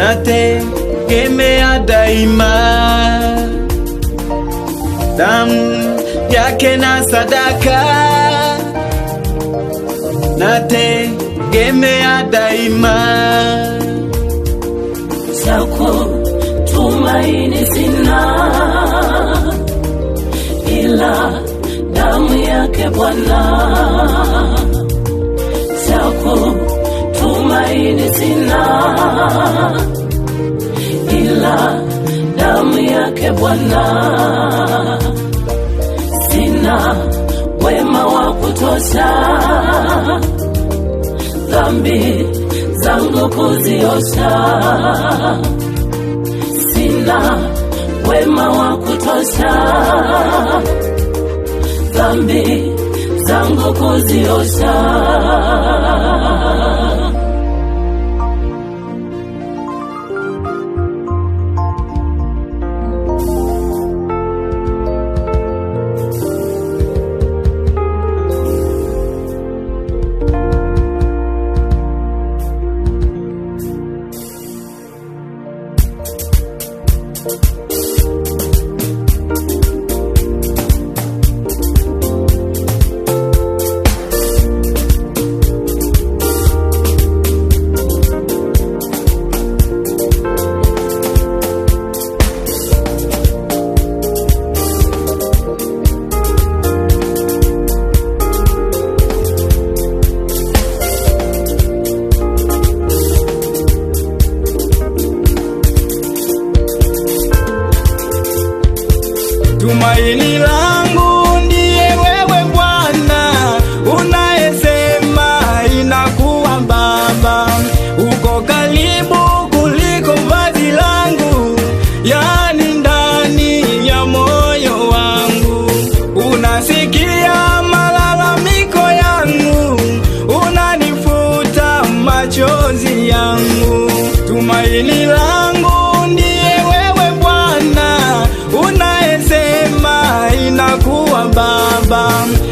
nategemea daima damu yake na sadaka, nategemea daima zako tumaini sina ila damu yake Bwana, zako tumaini sina damu yake Bwana, sina wema wa kutosha, dhambi zangu kuziosha, sina wema wa kutosha, dhambi zangu kuziosha. Thank Tumaini langu ndiye wewe Bwana, unayesema inakuwa baba. Uko karibu kuliko vazi langu, yani ndani ya moyo wangu. Unasikia malalamiko yangu, unanifuta machozi yangu. Tumaini langu Autobahn